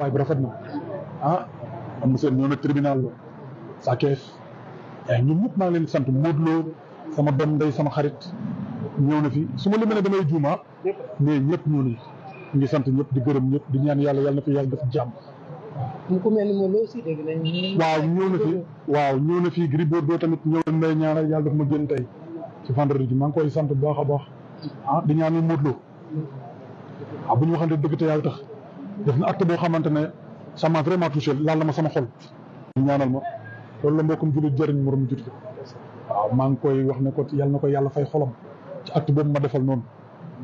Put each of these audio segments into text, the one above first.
waaye bu rafet na ah am seen ñoo na tribunal la sa kees yaay ñun ñëpp sant Modou Lo sama doom ndey xarit ñëw na fi su ma limee ne damay juuma mais ñëpp ñëw nañu ngi sant ñëpp di gërëm ñëpp di ñaan yàlla yàlla na fi yàlla def jàmm. ko mel ni Modou Lo waaw ñëw na fi waaw ñëw na fi Gris Bordeaux tamit ñëw nañu may yàlla daf ma gën tey ci vendredi maa koy sant bu baax a baax ah, di ñaanal Modou Lo ah bu ñu dëgg te yàlla tax. def na acte boo xamante ne ça m'a vraiment touché laal na ma sama xol ñu ñaanal ma loolu la mbokkum jullit jëriñ moroom jullit waaw maa ngi koy wax ne ko yàlla na ko yàlla fay xolam ci acte boobu ma defal noonu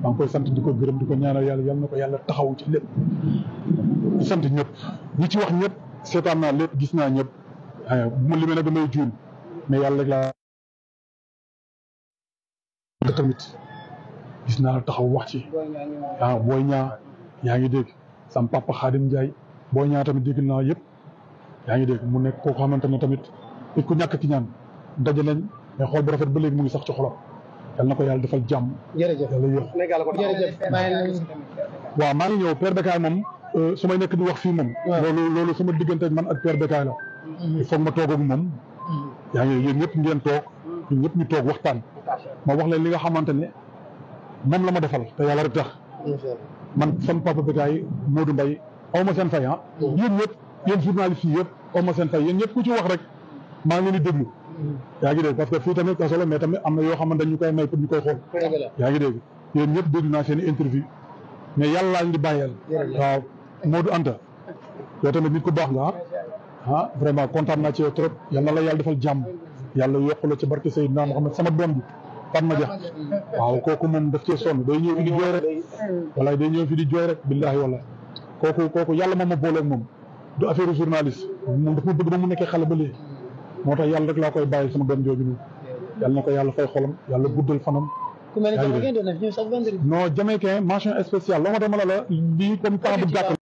maa ngi koy sant di ko gërëm di ko ñaanal yàlla yàlla na ko yàlla taxaw ci lépp di sant ñëpp ñi ci wax ñëpp seetaan naa lépp gis naa ñëpp bu ma limee nag damay juum mais yàlla rek tamit gis naa taxaw wax ci waaw ñaa yaa ngi dégg sam papa Khadim jay bo ñaa tamit deg na yeb yaa ngi dégg mu nek ko xamantene tamit nit ku ñak ki ñaan daje nañ mais xol bu rafet ba leg mu ngi sax ci xolam yal na yalla yàlla defal jàmm. jërëjëf yàlla yéex jërëjëf waaw maa ngi ñew Père Bécaye mom euh, sumay nek di wax fi mom lolu lolu sama digënté man ak Père Bécaye la. Mm-hmm. fo ma togo ak moom. Mm-hmm. yaa ngi yéen ñëpp ngeen tok mm-hmm. ñun ñu tok waxtaan. ma wax leen li nga xamantene mom lama defal te yalla rek tax. man sama papa Bécaye Modou Mbaye aw ma seen fay ah. yéen ñëpp yéen journaliste yi yëpp aw ma seen fay yéen ñëpp ku ci wax rek maa ngi leen di déglu. Mm. yaa ngi dégg parce que fii tamit kaso la mais tamit am na yoo xam ne dañu koy may pour ñu koy xool. yaa ngi dégg yéen ñëpp déglu naa seen i interview mais yàlla laa ñu di bàyyeel. waaw Modou Anta yow tamit nit ku baax nga ah. ah vraiment kontaan naa ci yow trop yal na la yàlla defal jàmm yàlla yokk la ci barke Seydina Muhammad sama doom bi. kan ma jox waaw kooku moom daf cee sonn day ñëw fi di jooy rek walaay day ñëw fi di jooy rek billaahi walaay kooku kooku yàlla moom ma booleeg moom du affaire journaliste moom daf ma bëgg ba mu nekkee xale ba léegi moo tax yàlla rek laa koy bàyyi sama gan jooju noonu yàlla na ko yàlla fay xolam yàlla guddal fanam ku mel ne Jamaïcain doon na fi ñëw ma demal la comme temps bu gàtt